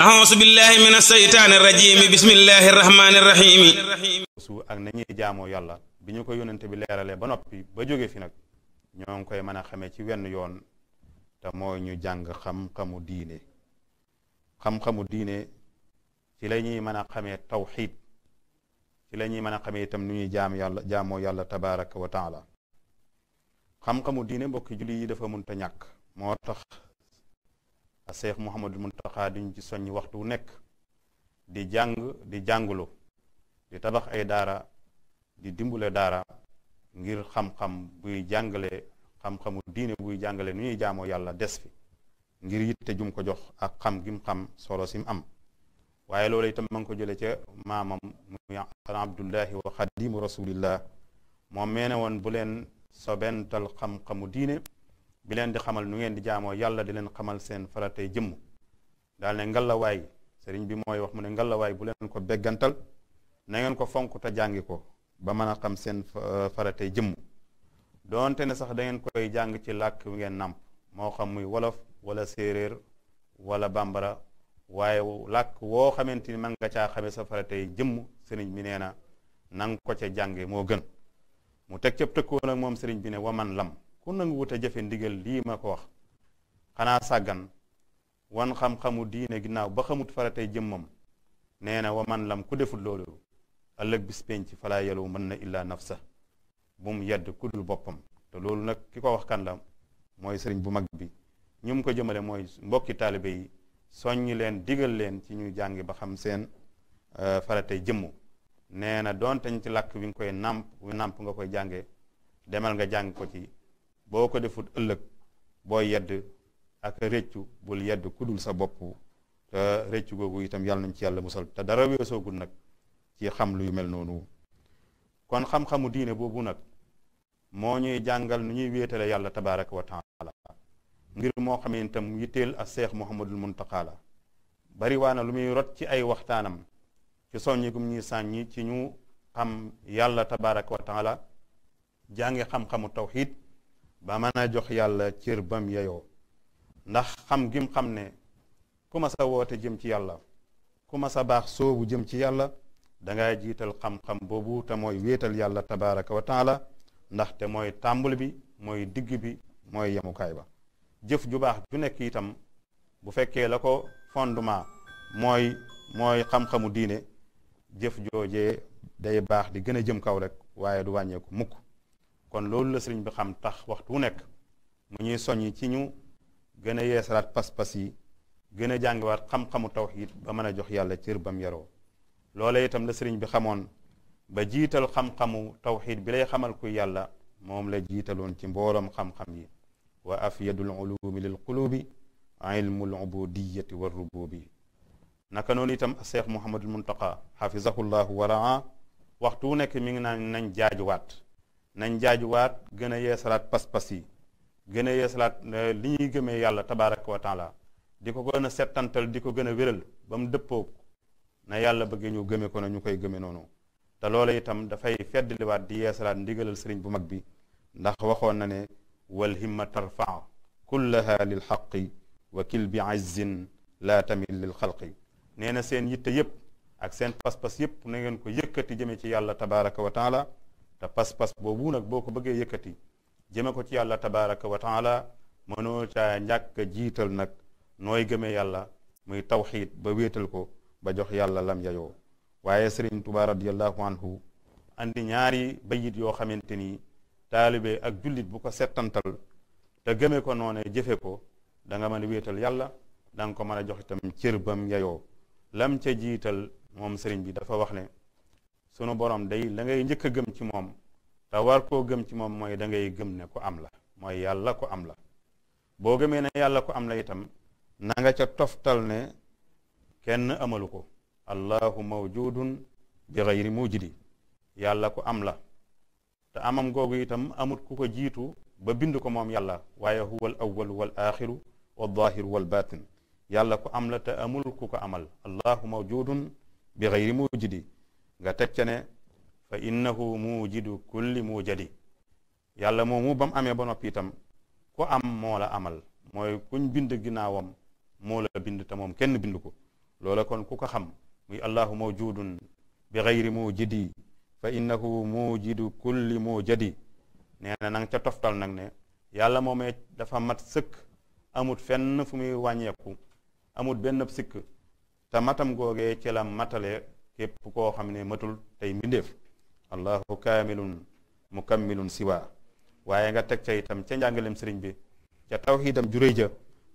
auzu billahi mina saytaani rajiim bismillahi rahmaani rahiim su ak nañuy jaamoo yàlla bi ñu ko yónnante bi leeralee ba noppi ba jóge fi nag ñoo ngi koy mën a xamee ci wenn yoon te mooy ñu jàng xam-xamu diine xam-xamu diine ci la ñuy mën a xamee tawxiid ci la ñuy mën a xamee itam nu ñuy jaam yàlla jaamoo yàlla tabaaraka wa taala xam-xamu diine mbokki julli yi dafa mënta ñàkk moo tax Seex Muhammadul Muntaxa diñ ci soññ waxtu wu nekk di jàng di jàngulu di tabax ay daara di dimbule daara ngir xam-xam buy jàngale xam-xamu diine buy jàngale nu ñuy jaamoo yàlla des fi ngir yitte jum ko jox ak xam gim xam solo sim am waaye loolu itam ma ngi ko jële ca maamam muy abdullahi wa xadimu rasulillah moom meene woon bu leen sobental xam-xamu diine bi leen di xamal nu ngeen di jaamoo yàlla di leen xamal seen faratay jëmm daal ne ngalawaay sëriñ bi mooy wax mu ne ngalawaay bu leen ko beggantal na ngeen ko fonk te jàngi ko ba mën a xam seen euh, faratay jëmm doonte ne sax dangeen ngeen koy jàng ci làkk wi ngeen nàmp moo xam muy wolof wala séeréer wala bambara waaye làkk woo xamante ni man nga caa xame sa faratay jëmm sëriñ bi nee na nanga ko ca jànge moo gën mu teg ca tëkkoo nag moom sëriñ bi ne wa man lam ku nanguwut a jëfe ndigal lii ma ko wax xanaa sàggan wan xam-xamu diine ginnaaw ba xamut faratey jëmmam nee na wa man lam ku deful loolu ëllëg bis penc falaa yelu mën na illaa sax bu mu yedd ku dul boppam te loolu nag ki ko wax kan la mooy sëriñ bu mag bi ñu mu ko jëmale mooy mbokki taalibe yi soññ leen digal leen ci ñu jàngi ba xam seen euh, faratey jëmm nee na doonte ñu ci làkk wi nga koy nàmp wi nàmp nga koy jànge demal nga jàng ko ci boo ko deful ëllëg boo yedd ak réccu bul yedd kudul sa bopp te réccu googu itam yàlla nañ ci yàlla musal te dara weesoogul nag ci xam lu yu mel noonu kon xam-xamu diine boobu nag moo ñuy jàngal nu ñuy wéetale yàlla tabaraka wa taala ngir moo xamee itam yitteel ak seex muhammadul muntaqaa la bari na lu muy rot ci ay waxtaanam ci soññi gum ñuy sàññi ci ñu xam yàlla tabaraka wa taala jàngi xam-xamu tawxid ba mën a jox yàlla cër bam yeyoo ndax xam gim xam ne ku sa woote jëm ci yàlla ku ma sa baax soobu jëm ci yàlla dangay jiital xam-xam boobu te mooy wéetal yàlla tabaraka wa taala ndaxte mooy tàmbul bi mooy digg bi mooy yemukaay ba jëf ju baax ju nekk itam bu fekkee la ko fondement mooy mooy xam-xamu diine jëf joojee day baax di gën a jëm kaw rek waaye du wàññeeku mukk kon loolu la sëriñ bi xam tax waxtu wu nekk mu ñuy soññ ci ñu gën a yeesalaat pas-pas yi gën a jàngiwaat xam-xamu tawxiid ba mën a jox yàlla cër bam yaroo loola itam la sëriñ bi xamoon ba jiital xam-xamu tawxiid bi lay xamal ku yàlla moom la jiitaloon ci mbooloom xam-xam yi wa afyadul ulumi lil qulubi ilmul ubudiyati wa rububi naka noonu itam seex muhammadul muntaqa xafisahullahu wa raa waxtu wu nekk mi ngi naan nañ jaajuwaat nañ jaajuwaat gën a yeesalaat pas-pas yi gën a yeesalaat euh, li ñuy gëmee yàlla tabaaraka wa taala di ko gën a settantal di ko gën a wéral ba mu dëppoo na yàlla bëggee ñu gëme ko na ñu koy gëme noonu te loola itam dafay feddliwaat di yeesalaat ndigalal sëriñ bu mag bi ndax waxoon na ne wal himma tarfaa kullaha lil xaqi wa kil bi azzin laa tamil lil xalqi nee na seen yitte yépp ak seen pas-pas yépp na ngeen ko yëkkati jëme ci yàlla tabaaraka wa taala te pas-pas boobu nag boo ko bëggee yëkkati jëme ko ci yàlla tabaraka wa taala mënoo caa ñàkk jiital nag nooy gëme yàlla muy tawxiid ba wéetal ko ba jox yàlla lam yayoo waaye sëriñ Tuubaa radiallahu anhu andi ñaari bayit yoo xamante ni taalibe ak jullit bu ko settantal te gëme ko noone jëfe ko da nga mën wéetal yàlla danga ko mën a jox itam cër bam yayoo lam ca jiital moom sëriñ bi dafa wax ne sunu borom day la ngay njëkk a gëm ci moom te war koo gëm ci moom mooy da ngay gëm ne ko am la mooy yàlla ko am la boo gëmee ne yàlla ku am la itam na nga ca toftal ne kenn amalu ko allahu mawjudun bi gayri mujidi yàlla ku am la te amam googu itam amut ku ko jiitu ba bind ko moom yàlla waaye huwa al awalu wal axiru wal zaahiru wal baatin yàlla ku am la te amul ku ko amal allahu mawjudun bi gayri mujidi nga teg ca ne fa innahu mujidu kulli mujadi yàlla moomu ba mu amee ba noppi itam ku am moo la amal mooy kuñ bind ginnaawam moola bind te moom kenn bind ko loola kon ku ko xam muy allahu mawjudun bi gayri mujidi fa innahu mujidu kulli mujadi nee na nanga ca toftal nag ne yàlla moomee dafa mat sëkk amut fenn fu muy wàññeeku amut benn sikk te matam googee ci la matale képp koo xam ne matul tey mbindeef allahu kaamilun mukammilun siwa waaye nga teg ca itam ca njàngalem sëriñ bi ca tawxiidam juréy ja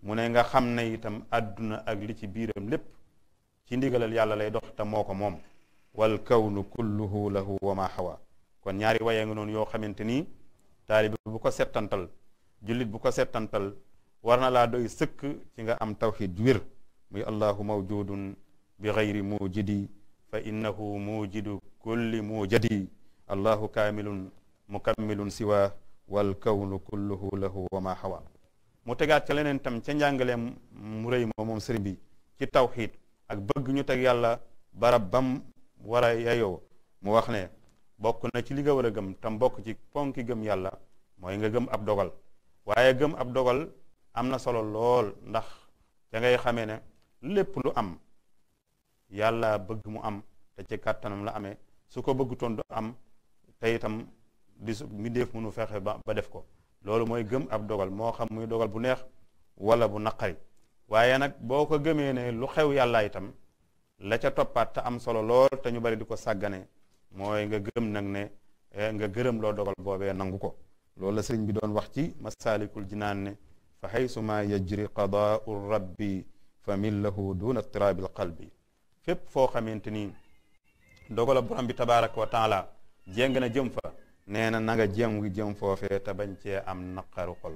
mu ne nga xam ne itam àdduna ak li ci biiram lépp ci ndigalal yàlla lay dox te moo ko moom wal kawnu kulluhu lahu wa ma xawa kon ñaari waye nga noon yoo xamante nii taalibe bu ko settantal jullit bu ko settantal war na laa doy sëkk ci nga am tawxiid ju wér muy allahu mawjudun bi xayri mujidi fa innahu mujidu kulli mujadi allahu kaamilun mukammilun siwa wal kawnu kulluhu lahu wa ma hawa mu tegaat ca leneen tam ca njàngaleem mu rëy moo moom sëriñ bi ci tawxiid ak bëgg ñu teg yàlla barab bam war a mu wax ne bokk na ci li nga war a gëm tam bokk ci ponki gëm yàlla mooy nga gëm ab dogal waaye gëm ab dogal am na solo lool ndax da ngay xamee ne lépp lu am yàlla bëgg mu am te ci kàttanam la amee su ko bëgg toon du am te itam di mbindeef mënu fexe ba def ko loolu mooy gëm ab dogal moo xam muy dogal bu neex wala bu naqari waaye nag boo ko gëmee ne lu xew yàlla itam la ca toppaat te am solo lool te ñu bari di ko sàggane mooy nga gëm nag ne eh, nga gërëm loo dogal boobee nangu ko loolu la sëriñ bi doon wax ci masaalikul jinaan ne fa xaysu ma yajri qadaau rabbi fa min lahu duna itiraabil qalbi fépp foo xamante ni dogal borom bi tabaraka wa taala jéng na jëm fa nee na nanga jéem jëm foofee te bañ cee am naqaru xol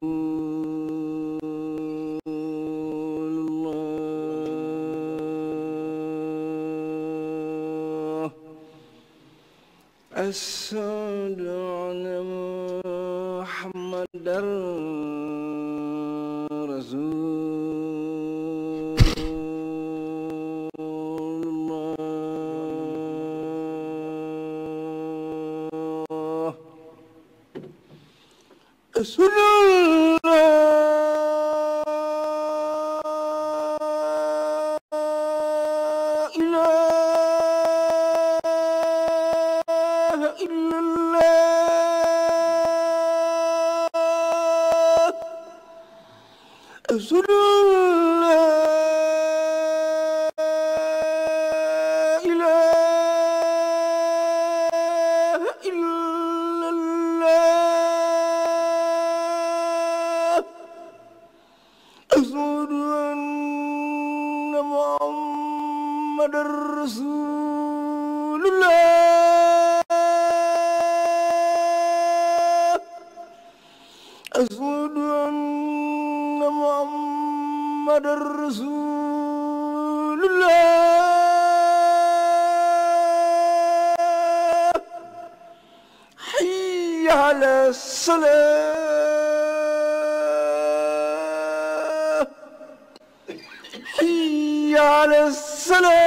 sunu واشهد ان محمد رسول الله اشهد ان محمد رسول الله حي على السلام على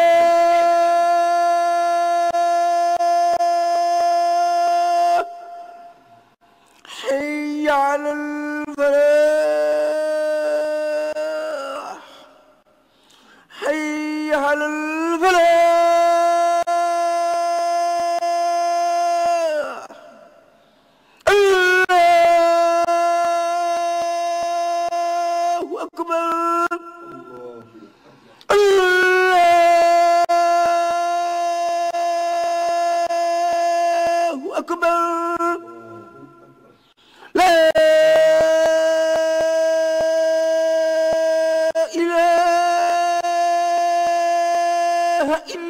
bismillahi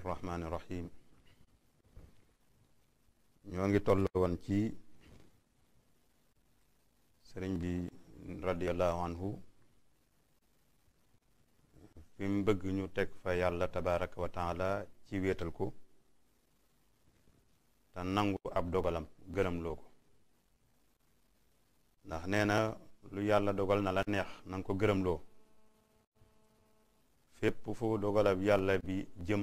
irrahmani irrahim ñoo ngi toll woon ci sëriñ bi radiallahu anhu fi bëgg ñu teg fa yàlla tabaraka wa taala ci wéetal ko te nangu ab dogalam gërëm loo ko ndax nee na lu yàlla dogal na la neex nanga ko gërëm loo fépp fu dogalab yàlla bi jëm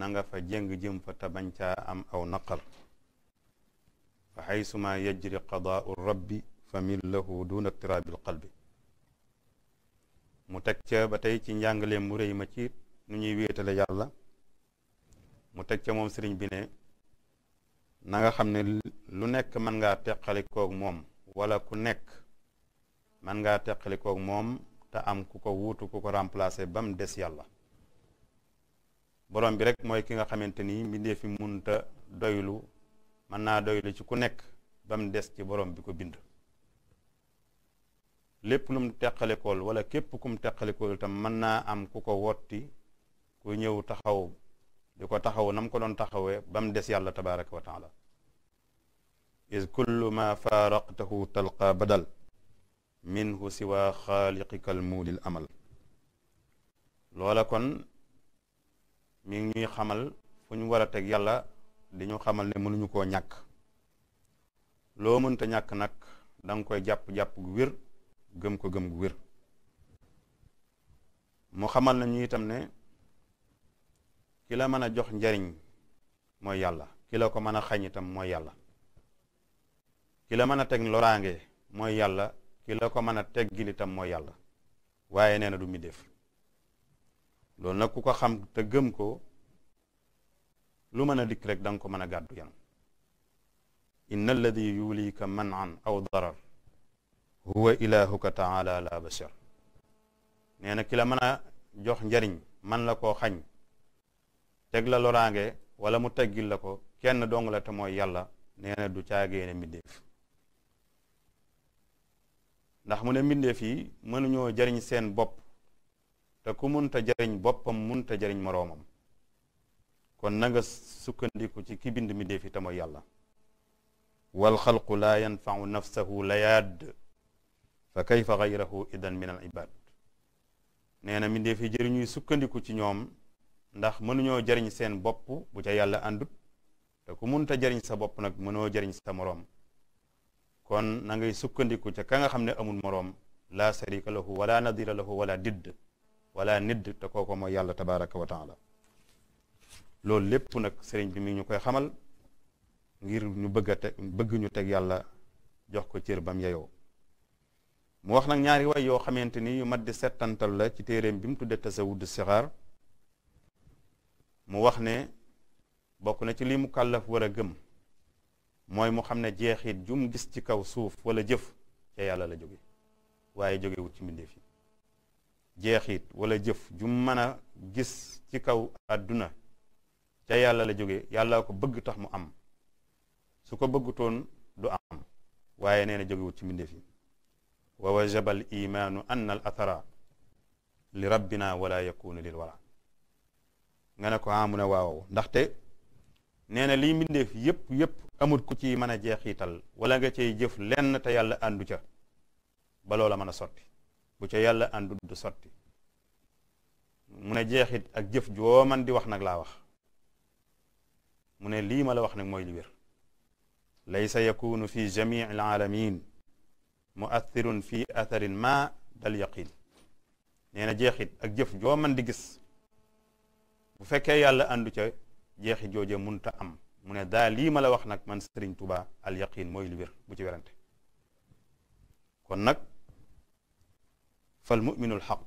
nanga fa jéng jëm fa te bañ am aw naqar fa xaysuma yajri qadaau rabbi fa min lahu duna tiraabil qalbi mu teg ca ba tey ci njàngaleem mu rëy ma ci nu ñuy wéetale yàlla mu teg ca moom sëriñ bi ne na nga xam ne lu nekk mën ngaa kook moom wala ku nekk mën ngaa teqalikoog moom te am ku ko wuutu ku ko remplacer ba mu des yàlla borom bi rek mooy ki nga xamante ni mbindee fi munta doylu mën naa doylu ci ku nekk ba mu des ci borom bi ko bind lépp lu mu teqalikool wala képp kum teqalikool itam mën naa am ku ko wotti ku ñëw taxaw di ko taxaw nam ko doon taxawee bam mu des yàlla tabaraka wa taala is kullu ma faaraqtahu talqa badal minhu siwa xaaliqika almuudil amal loola kon mi ngi ñuy xamal fu ñu war a teg yàlla di ñu xamal ne mënuñu koo ñàkk loo mënta ñàkk nag danga koy jàpp-jàpp gu wér gëm ko gëm gu wér mu xamal nañu itam ne ki la mën a jox njariñ mooy yàlla ki ko mën a xañ itam mooy yàlla ki la mën a teg loraange mooy yàlla ki la ko mën a teggil itam moo yàlla waaye nee na du mbindéef loolu nag ku ko xam te gëm ko lu mën a dikk rek da ko mën a gàddu yanam inna alladi yuulika man an aw darar huwa ilahuka taala la basir nee na ki la mën a jox njariñ man la koo xañ teg la loraange wala mu teggil la ko kenn dong la te mooy yàlla nee na du caagéene mbindeef ndax mu ne mbindeef yi mënuñoo jariñ seen bopp te ku munta jariñ boppam munta jariñ moroomam kon na sukkandiku ci ki bind mbindeef yi te mooy yàlla wal xalqu laa yanfau nafsahu layaad fa kayfa gayrahu idan min al ibad nee na mindee fi jëriñuy sukkandiku ci ñoom ndax mënuñoo jariñ seen bopp bu ca yàlla àndut te ku munta jariñ sa bopp nag mënoo jariñ sa moroom kon nangay sukkandiku ca ka nga xam ne amul moroom laa sharika lahu wala nadira lahu wala didd wala nidd te kooko mooy yàlla tabaraka wa taala loolu lépp nag sëriñ bi mi ñu koy xamal ngir ñu bëgg a teg bëgg ñu teg yàlla jox ko cër bam yeyoo mu wax nag ñaari way yoo xamante ni yu mat di settantal la ci téeréem bi mu tudde tasawudu sixaar mu wax ne bokk na ci li mu kàllaf war a gëm mooy mu xam ne jeexit jum gis ci kaw suuf walla jëf ca yàlla la jóge waaye jógewut ci mbindeef yi jeexit wala jëf jum mën a gis ci kaw àdduna ca yàlla la jóge yàlla ko bëgg tax mu am su ko bëggutoon du am waaye nee na jógewut ci mbindeef yi wa wajaba al imaanu anna al li rabbina wala yakunu lil wara nga ne ko amu ah, ne waaw ndaxte nee na liy mbindeef yépp yépp amut ku ci mën a jeexiital wala nga ce jëf lenn te yàlla àndu ca ba loola mën a sotti bu ca yàlla àndu du sotti mu ne jeexit ak jëf joo man di wax nag laa wax mu ne lii ma la wax nag mooy li wér laysa yakunu fi jamii al muathirun fi atharin ma dal yaqin nee na jeexit ak jëf joo man di gis bu fekkee yàlla àndu ca jeexit jooje munta am mu ne daa lii ma la wax nag man sëriñ Tuuba al mooy li wér bu ci werante kon nag fal muminul xaq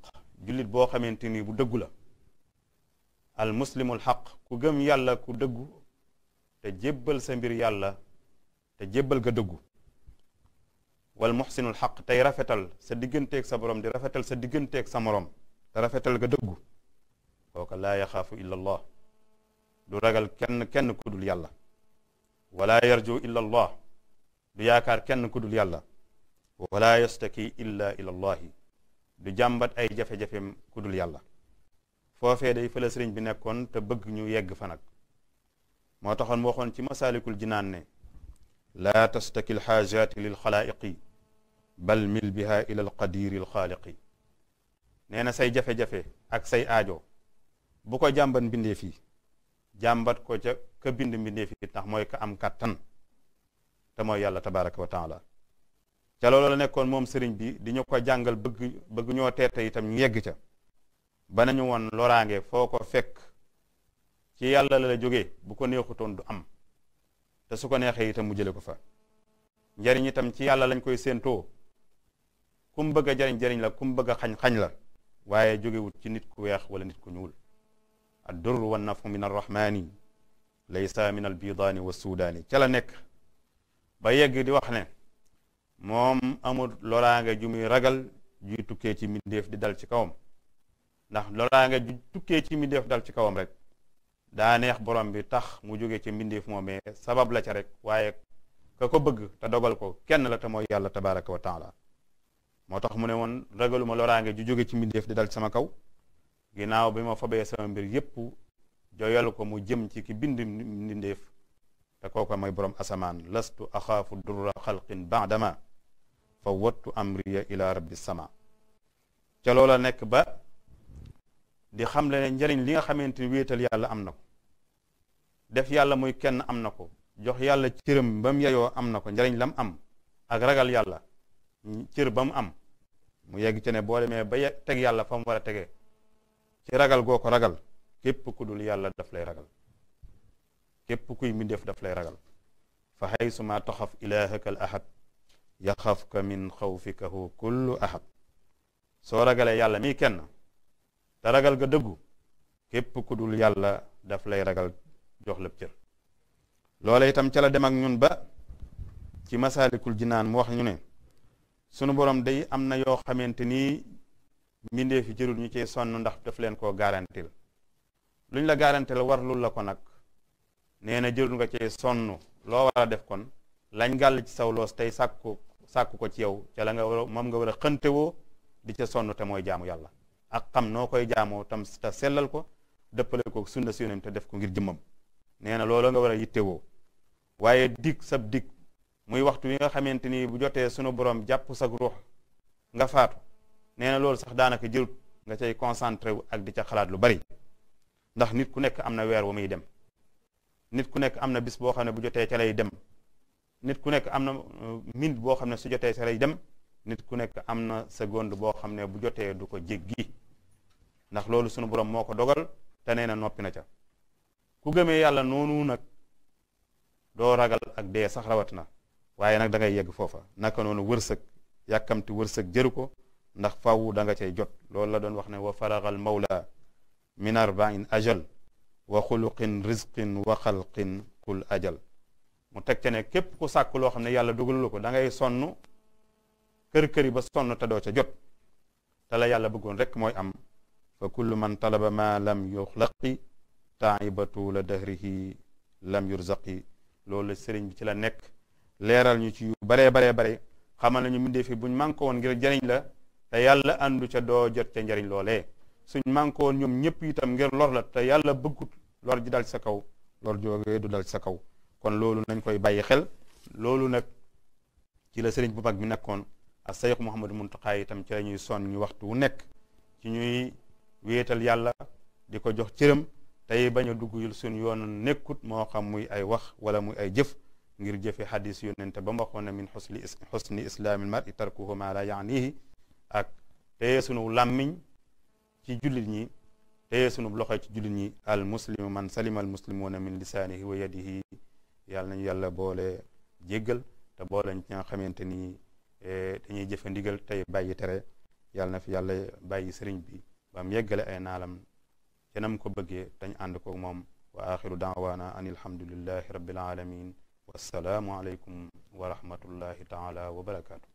jullit boo xamante ni bu dëggu la al muslimul ku gëm yàlla ku dëggu te jébbal sa mbir yàlla te jébbal ka dëggu wal muxsinul xaq tey rafetal sa digganteek sa borom di rafetal sa digganteeg sa morom te rafetal ga dëggu kooka laa yaxaafu illa allah du ragal kenn kenn kudul dul yàlla wala du yaakaar kenn ku dul yàlla wala yastaki illa ila allahi du jàmbat ay jafe-jafem ku dul yàlla foofee day fële sëriñ bi nekkoon te bëgg ñu yegg fa nag moo taxoon mu waxoon ci masaalikul jinaan ne laa tastaki lxaajaati lilxalaayiqi bal mil biha ila alqadiri alxaaliqi nee na say jafe-jafe ak say aajo bu ko jàmbat mbindeef fi jàmbat ko ca ka bind mbindeef yi ndax mooy ka am kàttan te mooy yàlla tabaraka wa taala ca loolu la nekkoon moom sëriñ bi di ñu ko jàngal bëgg bëgg ñoo teerte itam ñu yegg ca ba nañu woon loraange foo ko fekk ci yàlla la la jógee bu ko neexutoon du am te su ko neexee itam mu jële ko fa njariñ itam ci yàlla lañ koy séentoo kum bëgg a jariñ la kum bëgg xañ xañ la waaye jógewut ci nit ku weex wala nit ku ñuul ad durru wa nafu min arrahmani laysa min albidaani wa suudaani ca la nekk ba yegg di wax ne moom amul loraange ju muy ragal juy tukkee ci mbindeef di dal ci kawam ndax loraange ju tukkee ci mbindeef dal ci kawam rek daa neex borom bi tax mu jóge ci mbindeef moomee sabab la ca rek waaye ka ko bëgg te dogal ko kenn la ta mooy yàlla tabaraka wa taala moo tax mu ne woon ragaluma loraange ju jóge ci mbindeef di dal sama kaw ginnaaw bi ma fabee sama mbir yépp joyal ko mu jëm ci ki bind mbindeef te kooka mooy borom asamaan lastu axaafu durra xalqin baadama fa wattu amriya ila rabbi sama ca loola nekk ba di xam le njariñ li nga xamante ni wéetal yàlla am na ko def yàlla muy kenn am na ko jox yàlla cëram ba mu yeyoo am na ko njariñ lam am ak ragal yàlla cër ba mu am mu yegg ci ne boo demee ba teg yàlla fa mu war a tegee ci ragal goo ko ragal képp ku dul yàlla daf lay ragal képp kuy mu def daf lay ragal fa xaysuma taxaf ilaahaka al ahad yaxafka min xawfikahu kullu ahad soo ragalee yàlla mi kenn te ragal ga dëggu képp ku dul yàlla daf lay ragal jox lépp cër loola itam ca la dem ak ñun ba ci masaalikul naan mu wax ñu ne sunu borom day am na yoo xamante ni mbindee fi jërul ñu cee sonn ndax daf leen koo garantil luñ la garantil war lul la ko nag nee na jërul nga cee sonnu loo war def kon lañ gàll ci saw loos tey sàkku sàkku ko ci yow ca la nga moom nga war a xëntewoo di ca sonn te mooy jaamu yàlla ak xam noo koy jaamoo tam te sellal ko dëppale ko sunna si yonent te def ko ngir jumam nee na loolu nga war a yittewoo waaye dikk sab dikk muy waxtu wi nga xamante ni bu jotee sunu borom jàpp sag ruux nga faatu nee na loolu sax daanaka jël nga cay concentré wu ak di ca xalaat lu bari ndax nit ku nekk am na weer wu muy dem nit ku nekk am na bis boo xam ne bu jotee ca lay dem nit ku nekk am na uh, minute boo xam ne su jotee ca lay dem nit ku nekk am na seconde boo xam ne bu jotee du ko jéggi ndax loolu sunu borom moo ko dogal te nee na noppi na ca ku gëmee yàlla noonu nag doo ragal ak dee sax rawat na waaye nag dangay ngay yegg foofa naka noonu wërsëg yàkkamti wërsëg jëru ko ndax fawwu danga nga jot loolu la doon wax ne wa faragal mawla min arbain ajal wa xuluqin rizqin wa xalqin kul ajal mu teg ce ne képp ku sàkk loo xam ne yàlla dugalu ko dangay ngay sonn kër-këri ba sonn te doo ca jot te la yàlla bëggoon rek mooy am fa kullu man talaba ma lam yuxlaqi taibatu la dahrihi lam yurzaqi loolu la sëriñ bi ci la nekk leeral ñu ci yu baree baree bare xamal nañu mindee fi buñ manko woon ngir jariñ la te yàlla àndu ca doo jot ca njariñ loolee suñ manko ñoom ñëpp itam ngir lor la te yàlla bëggut lor ji dal ci sa kaw lor jógee du dal ci sa kaw kon loolu nañ koy bàyyi xel loolu nag ci la sëriñ bu mag bi nekkoon ak sayxu Muhammadu Muntaxa itam ci la ñuy son ñu waxtu wu nekk wéetal yàlla di ko jox cëram tey bañ a dugg yul suñ yoon nekkut moo xam muy ay wax wala muy ay jëf ngir jëfe xadis yonente ba mu waxoon ne min xusli xusni islaamil mar i tarkuhu ma la yaanihi ak téye sunu làmmiñ ci jullit ñi téye sunu loxo ci jullit ñi al muslimu man salima al muslimuuna min lisaanihi wa yadihi yàlla nañu yàlla boole jéggal te boole ñi nga xamante ni eh, dañuy jëfe ndigal tey bàyyi tere yàlla na fi yàlla bàyyi sëriñ bi bam yeggale ay naalam cenam ko bëggee tañ ànd ko moom wa axiru daawaana an ilhamdulillahi rabbil alamin wassalaamu aleykum wa rahmatullahi taala wa barakaatu